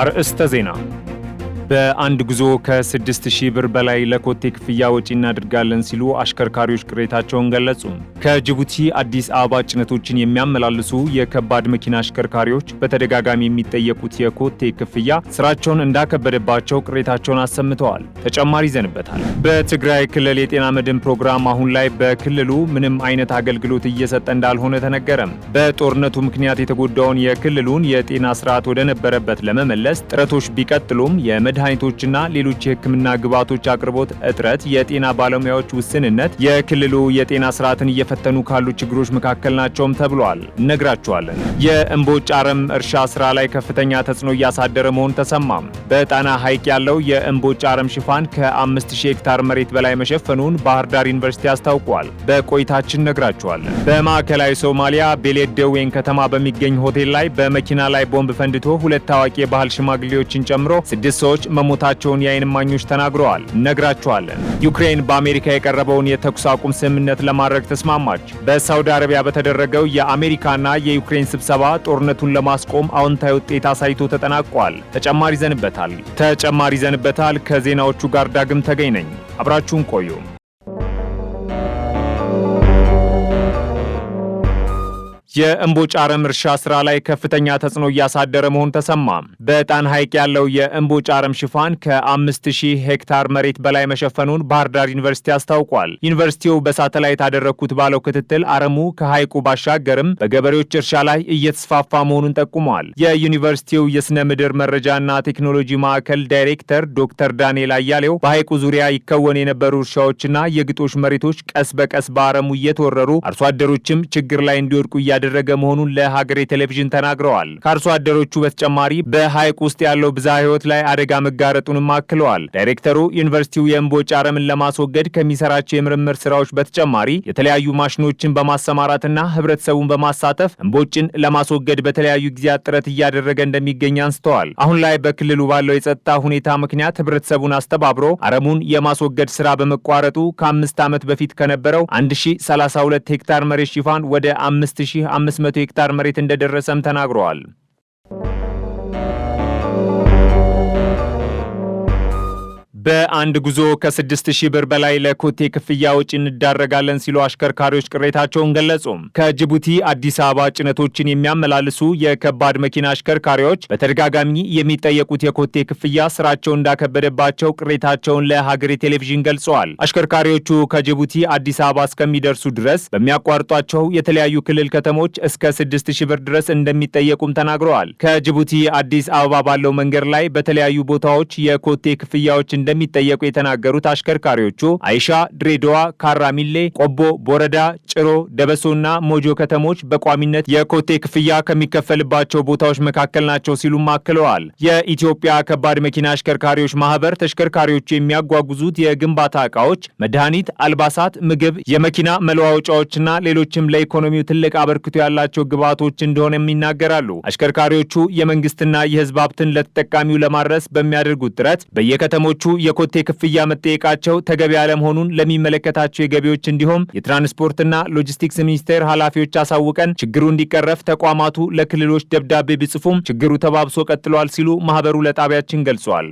አርእስተ ዜና በአንድ ጉዞ ከስድስት ሺህ ብር በላይ ለኮቴ ክፍያ ወጪ እናድርጋለን ሲሉ አሽከርካሪዎች ቅሬታቸውን ገለጹ። ከጅቡቲ አዲስ አበባ ጭነቶችን የሚያመላልሱ የከባድ መኪና አሽከርካሪዎች በተደጋጋሚ የሚጠየቁት የኮቴ ክፍያ ስራቸውን እንዳከበደባቸው ቅሬታቸውን አሰምተዋል። ተጨማሪ ይዘንበታል። በትግራይ ክልል የጤና መድን ፕሮግራም አሁን ላይ በክልሉ ምንም አይነት አገልግሎት እየሰጠ እንዳልሆነ ተነገረም። በጦርነቱ ምክንያት የተጎዳውን የክልሉን የጤና ስርዓት ወደነበረበት ለመመለስ ጥረቶች ቢቀጥሉም የመድ መድኃኒቶችና ሌሎች የህክምና ግብዓቶች አቅርቦት እጥረት፣ የጤና ባለሙያዎች ውስንነት የክልሉ የጤና ስርዓትን እየፈተኑ ካሉ ችግሮች መካከል ናቸውም ተብሏል። እነግራችኋለን። የእምቦጭ አረም እርሻ ስራ ላይ ከፍተኛ ተጽዕኖ እያሳደረ መሆኑ ተሰማም። በጣና ሐይቅ ያለው የእምቦጭ አረም ሽፋን ከ5000 ሄክታር መሬት በላይ መሸፈኑን ባህር ዳር ዩኒቨርሲቲ አስታውቋል። በቆይታችን እነግራችኋለን። በማዕከላዊ ሶማሊያ ቤሌት ደዌን ከተማ በሚገኝ ሆቴል ላይ በመኪና ላይ ቦምብ ፈንድቶ ሁለት ታዋቂ የባህል ሽማግሌዎችን ጨምሮ ስድስት ሰዎች መሞታቸውን የአይን እማኞች ተናግረዋል። እነግራችኋለን። ዩክሬን በአሜሪካ የቀረበውን የተኩስ አቁም ስምምነት ለማድረግ ተስማማች። በሳውዲ አረቢያ በተደረገው የአሜሪካና የዩክሬን ስብሰባ ጦርነቱን ለማስቆም አዎንታዊ ውጤት አሳይቶ ተጠናቋል። ተጨማሪ ይዘንበታል ተጨማሪ ይዘንበታል። ከዜናዎቹ ጋር ዳግም ተገኝ ነኝ። አብራችሁን ቆዩ። የእምቦጭ አረም እርሻ ስራ ላይ ከፍተኛ ተጽዕኖ እያሳደረ መሆኑ ተሰማ። በጣን ሐይቅ ያለው የእምቦጭ አረም ሽፋን ከ ሺህ ሄክታር መሬት በላይ መሸፈኑን ባህር ዳር ዩኒቨርሲቲ አስታውቋል። ዩኒቨርሲቲው በሳተላይት አደረግኩት ባለው ክትትል አረሙ ከሐይቁ ባሻገርም በገበሬዎች እርሻ ላይ እየተስፋፋ መሆኑን ጠቁሟል። የዩኒቨርሲቲው የሥነ ምድር መረጃና ቴክኖሎጂ ማዕከል ዳይሬክተር ዶክተር ዳንኤል አያሌው በሐይቁ ዙሪያ ይከወን የነበሩ እርሻዎችና የግጦሽ መሬቶች ቀስ በቀስ በአረሙ እየተወረሩ አርሶ አደሮችም ችግር ላይ እንዲወድቁ እያ እያደረገ መሆኑን ለሀገሬ ቴሌቪዥን ተናግረዋል። ከአርሶ አደሮቹ በተጨማሪ በሐይቅ ውስጥ ያለው ብዝሃ ሕይወት ላይ አደጋ መጋረጡንም አክለዋል። ዳይሬክተሩ ዩኒቨርሲቲው የእምቦጭ አረምን ለማስወገድ ከሚሰራቸው የምርምር ስራዎች በተጨማሪ የተለያዩ ማሽኖችን በማሰማራትና ህብረተሰቡን በማሳተፍ እምቦጭን ለማስወገድ በተለያዩ ጊዜያት ጥረት እያደረገ እንደሚገኝ አንስተዋል። አሁን ላይ በክልሉ ባለው የጸጥታ ሁኔታ ምክንያት ህብረተሰቡን አስተባብሮ አረሙን የማስወገድ ስራ በመቋረጡ ከአምስት ዓመት በፊት ከነበረው 1032 ሄክታር መሬት ሽፋን ወደ 5000 አምስት መቶ ሄክታር መሬት እንደደረሰም ተናግረዋል። በአንድ ጉዞ ከስድስት ሺህ ብር በላይ ለኮቴ ክፍያ ወጪ እንዳረጋለን ሲሉ አሽከርካሪዎች ቅሬታቸውን ገለጹ። ከጅቡቲ አዲስ አበባ ጭነቶችን የሚያመላልሱ የከባድ መኪና አሽከርካሪዎች በተደጋጋሚ የሚጠየቁት የኮቴ ክፍያ ስራቸው እንዳከበደባቸው ቅሬታቸውን ለሀገሬ ቴሌቪዥን ገልጸዋል። አሽከርካሪዎቹ ከጅቡቲ አዲስ አበባ እስከሚደርሱ ድረስ በሚያቋርጧቸው የተለያዩ ክልል ከተሞች እስከ 6000 ብር ድረስ እንደሚጠየቁም ተናግረዋል። ከጅቡቲ አዲስ አበባ ባለው መንገድ ላይ በተለያዩ ቦታዎች የኮቴ ክፍያዎች እንደሚ እንደሚጠየቁ የተናገሩት አሽከርካሪዎቹ አይሻ፣ ድሬዳዋ፣ ካራሚሌ፣ ቆቦ፣ ቦረዳ፣ ጭሮ፣ ደበሶና ሞጆ ከተሞች በቋሚነት የኮቴ ክፍያ ከሚከፈልባቸው ቦታዎች መካከል ናቸው ሲሉም አክለዋል። የኢትዮጵያ ከባድ መኪና አሽከርካሪዎች ማህበር ተሽከርካሪዎቹ የሚያጓጉዙት የግንባታ እቃዎች መድኃኒት፣ አልባሳት፣ ምግብ፣ የመኪና መለዋወጫዎችና ሌሎችም ለኢኮኖሚው ትልቅ አበርክቶ ያላቸው ግብዓቶች እንደሆነም ይናገራሉ። አሽከርካሪዎቹ የመንግስትና የህዝብ ሀብትን ለተጠቃሚው ለማድረስ በሚያደርጉት ጥረት በየከተሞቹ የኮቴ ክፍያ መጠየቃቸው ተገቢ አለመሆኑን ለሚመለከታቸው የገቢዎች እንዲሁም የትራንስፖርትና ሎጂስቲክስ ሚኒስቴር ኃላፊዎች አሳውቀን ችግሩ እንዲቀረፍ ተቋማቱ ለክልሎች ደብዳቤ ቢጽፉም ችግሩ ተባብሶ ቀጥሏል ሲሉ ማህበሩ ለጣቢያችን ገልጿል።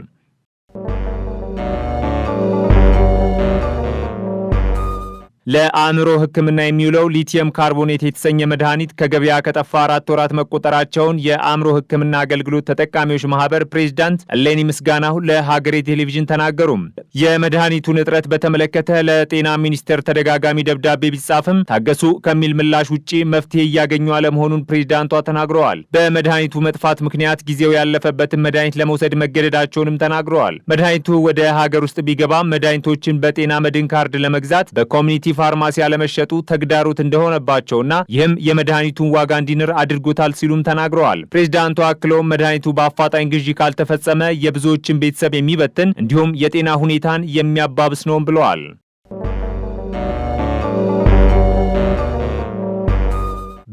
ለአእምሮ ሕክምና የሚውለው ሊቲየም ካርቦኔት የተሰኘ መድኃኒት ከገበያ ከጠፋ አራት ወራት መቆጠራቸውን የአእምሮ ሕክምና አገልግሎት ተጠቃሚዎች ማህበር ፕሬዚዳንት እሌኒ ምስጋናሁ ለሀገሬ ቴሌቪዥን ተናገሩ። የመድኃኒቱን እጥረት በተመለከተ ለጤና ሚኒስቴር ተደጋጋሚ ደብዳቤ ቢጻፍም ታገሱ ከሚል ምላሽ ውጭ መፍትሄ እያገኙ አለመሆኑን ፕሬዚዳንቷ ተናግረዋል። በመድኃኒቱ መጥፋት ምክንያት ጊዜው ያለፈበትን መድኃኒት ለመውሰድ መገደዳቸውንም ተናግረዋል። መድኃኒቱ ወደ ሀገር ውስጥ ቢገባም መድኃኒቶችን በጤና መድን ካርድ ለመግዛት በኮሚኒቲ ፋርማሲ አለመሸጡ ተግዳሮት እንደሆነባቸውና ይህም የመድኃኒቱን ዋጋ እንዲንር አድርጎታል ሲሉም ተናግረዋል። ፕሬዚዳንቱ አክለውም መድኃኒቱ በአፋጣኝ ግዢ ካልተፈጸመ የብዙዎችን ቤተሰብ የሚበትን እንዲሁም የጤና ሁኔታን የሚያባብስ ነውም ብለዋል።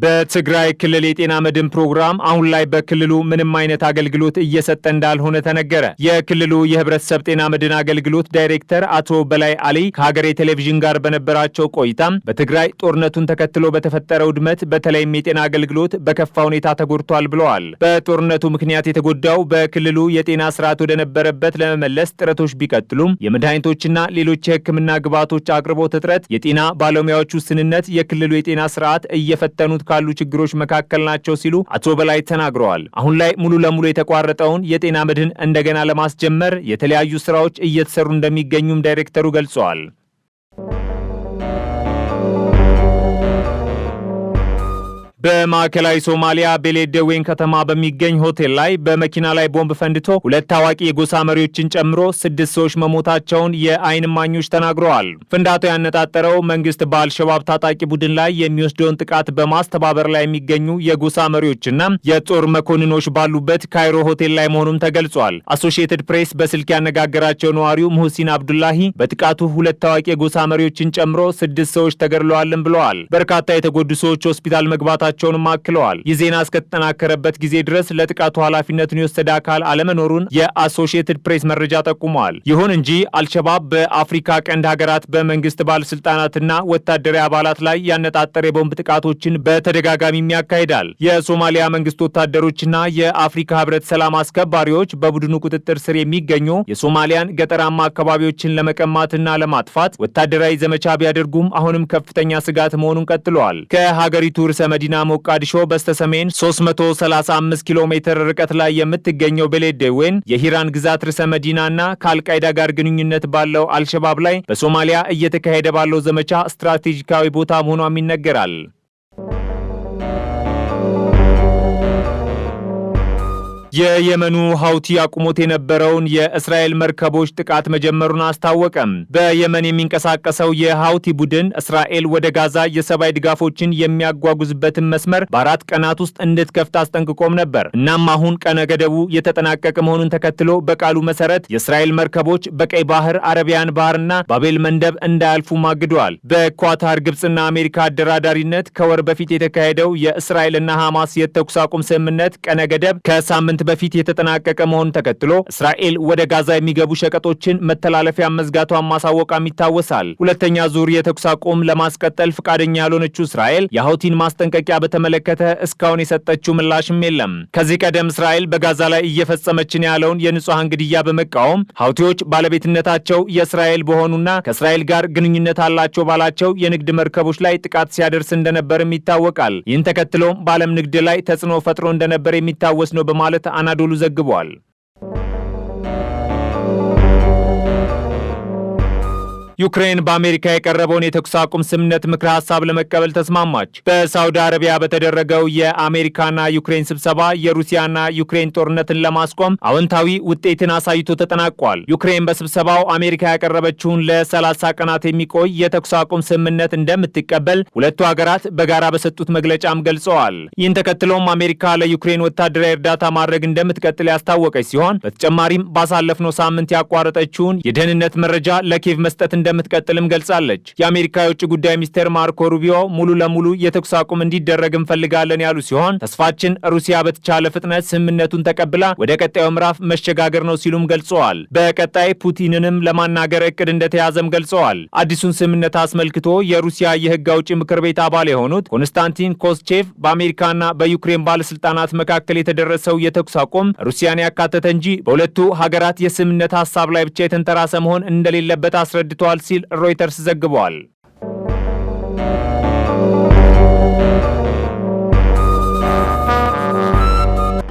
በትግራይ ክልል የጤና መድን ፕሮግራም አሁን ላይ በክልሉ ምንም አይነት አገልግሎት እየሰጠ እንዳልሆነ ተነገረ። የክልሉ የህብረተሰብ ጤና መድን አገልግሎት ዳይሬክተር አቶ በላይ አሊ ከሀገሬ ቴሌቪዥን ጋር በነበራቸው ቆይታም በትግራይ ጦርነቱን ተከትሎ በተፈጠረው ውድመት በተለይም የጤና አገልግሎት በከፋ ሁኔታ ተጎድቷል ብለዋል። በጦርነቱ ምክንያት የተጎዳው በክልሉ የጤና ስርዓት ወደነበረበት ለመመለስ ጥረቶች ቢቀጥሉም የመድኃኒቶችና ሌሎች የህክምና ግብዓቶች አቅርቦት እጥረት፣ የጤና ባለሙያዎች ውስንነት የክልሉ የጤና ስርዓት እየፈተኑት ካሉ ችግሮች መካከል ናቸው ሲሉ አቶ በላይ ተናግረዋል። አሁን ላይ ሙሉ ለሙሉ የተቋረጠውን የጤና መድህን እንደገና ለማስጀመር የተለያዩ ስራዎች እየተሰሩ እንደሚገኙም ዳይሬክተሩ ገልጸዋል። በማዕከላዊ ሶማሊያ ቤሌደዌን ከተማ በሚገኝ ሆቴል ላይ በመኪና ላይ ቦምብ ፈንድቶ ሁለት ታዋቂ የጎሳ መሪዎችን ጨምሮ ስድስት ሰዎች መሞታቸውን የአይን ማኞች ተናግረዋል። ፍንዳታው ያነጣጠረው መንግስት በአልሸባብ ታጣቂ ቡድን ላይ የሚወስደውን ጥቃት በማስተባበር ላይ የሚገኙ የጎሳ መሪዎችና የጦር መኮንኖች ባሉበት ካይሮ ሆቴል ላይ መሆኑም ተገልጿል። አሶሺየትድ ፕሬስ በስልክ ያነጋገራቸው ነዋሪው ሙሁሲን አብዱላሂ በጥቃቱ ሁለት ታዋቂ የጎሳ መሪዎችን ጨምሮ ስድስት ሰዎች ተገድለዋልን ብለዋል። በርካታ የተጎዱ ሰዎች ሆስፒታል መግባታቸው መሆናቸውንም አክለዋል። ይህ ዜና እስከተጠናከረበት ጊዜ ድረስ ለጥቃቱ ኃላፊነቱን የወሰደ አካል አለመኖሩን የአሶሺየትድ ፕሬስ መረጃ ጠቁመዋል። ይሁን እንጂ አልሸባብ በአፍሪካ ቀንድ ሀገራት በመንግስት ባለስልጣናትና ወታደራዊ አባላት ላይ ያነጣጠረ የቦምብ ጥቃቶችን በተደጋጋሚም ያካሂዳል። የሶማሊያ መንግስት ወታደሮችና የአፍሪካ ህብረት ሰላም አስከባሪዎች በቡድኑ ቁጥጥር ስር የሚገኙ የሶማሊያን ገጠራማ አካባቢዎችን ለመቀማትና ለማጥፋት ወታደራዊ ዘመቻ ቢያደርጉም አሁንም ከፍተኛ ስጋት መሆኑን ቀጥለዋል። ከሀገሪቱ ርዕሰ መዲና ሞቃዲሾ በስተሰሜን 335 ኪሎ ሜትር ርቀት ላይ የምትገኘው ቤሌዴዌን የሂራን ግዛት ርዕሰ መዲናና ከአልቃይዳ ጋር ግንኙነት ባለው አልሸባብ ላይ በሶማሊያ እየተካሄደ ባለው ዘመቻ ስትራቴጂካዊ ቦታ መሆኗም ይነገራል። የየመኑ ሀውቲ አቁሞት የነበረውን የእስራኤል መርከቦች ጥቃት መጀመሩን አስታወቀም። በየመን የሚንቀሳቀሰው የሀውቲ ቡድን እስራኤል ወደ ጋዛ የሰብአዊ ድጋፎችን የሚያጓጉዝበትን መስመር በአራት ቀናት ውስጥ እንድትከፍት አስጠንቅቆም ነበር። እናም አሁን ቀነ ገደቡ የተጠናቀቀ መሆኑን ተከትሎ በቃሉ መሰረት የእስራኤል መርከቦች በቀይ ባህር፣ አረቢያን ባህርና ባቤል መንደብ እንዳያልፉ ማግደዋል። በኳታር ግብፅና አሜሪካ አደራዳሪነት ከወር በፊት የተካሄደው የእስራኤልና ሐማስ የተኩስ አቁም ስምምነት ቀነ ገደብ ከሳምንት በፊት የተጠናቀቀ መሆኑን ተከትሎ እስራኤል ወደ ጋዛ የሚገቡ ሸቀጦችን መተላለፊያ መዝጋቷን ማሳወቋም ይታወሳል። ሁለተኛ ዙር የተኩስ አቁም ለማስቀጠል ፈቃደኛ ያልሆነችው እስራኤል የሀውቲን ማስጠንቀቂያ በተመለከተ እስካሁን የሰጠችው ምላሽም የለም። ከዚህ ቀደም እስራኤል በጋዛ ላይ እየፈጸመችን ያለውን የንጹሐን ግድያ በመቃወም ሀውቲዎች ባለቤትነታቸው የእስራኤል በሆኑና ከእስራኤል ጋር ግንኙነት አላቸው ባላቸው የንግድ መርከቦች ላይ ጥቃት ሲያደርስ እንደነበርም ይታወቃል። ይህን ተከትሎም በዓለም ንግድ ላይ ተጽዕኖ ፈጥሮ እንደነበር የሚታወስ ነው በማለት አናዶሉ ዘግቧል። ዩክሬን በአሜሪካ የቀረበውን የተኩስ አቁም ስምነት ምክረ ሀሳብ ለመቀበል ተስማማች። በሳውዲ አረቢያ በተደረገው የአሜሪካና ዩክሬን ስብሰባ የሩሲያና ዩክሬን ጦርነትን ለማስቆም አዎንታዊ ውጤትን አሳይቶ ተጠናቋል። ዩክሬን በስብሰባው አሜሪካ ያቀረበችውን ለሰላሳ ቀናት የሚቆይ የተኩስ አቁም ስምምነት እንደምትቀበል ሁለቱ ሀገራት በጋራ በሰጡት መግለጫም ገልጸዋል። ይህን ተከትሎም አሜሪካ ለዩክሬን ወታደራዊ እርዳታ ማድረግ እንደምትቀጥል ያስታወቀች ሲሆን በተጨማሪም ባሳለፍነው ሳምንት ያቋረጠችውን የደህንነት መረጃ ለኬቭ መስጠት እንደምትቀጥልም ገልጻለች። የአሜሪካ የውጭ ጉዳይ ሚኒስቴር ማርኮ ሩቢዮ ሙሉ ለሙሉ የተኩስ አቁም እንዲደረግ እንፈልጋለን ያሉ ሲሆን ተስፋችን ሩሲያ በተቻለ ፍጥነት ስምምነቱን ተቀብላ ወደ ቀጣዩ ምዕራፍ መሸጋገር ነው ሲሉም ገልጸዋል። በቀጣይ ፑቲንንም ለማናገር እቅድ እንደተያዘም ገልጸዋል። አዲሱን ስምምነት አስመልክቶ የሩሲያ የህግ አውጪ ምክር ቤት አባል የሆኑት ኮንስታንቲን ኮስቼቭ በአሜሪካና በዩክሬን ባለስልጣናት መካከል የተደረሰው የተኩስ አቁም ሩሲያን ያካተተ እንጂ በሁለቱ ሀገራት የስምምነት ሀሳብ ላይ ብቻ የተንተራሰ መሆን እንደሌለበት አስረድተዋል። ተደርጓል ሲል ሮይተርስ ዘግቧል።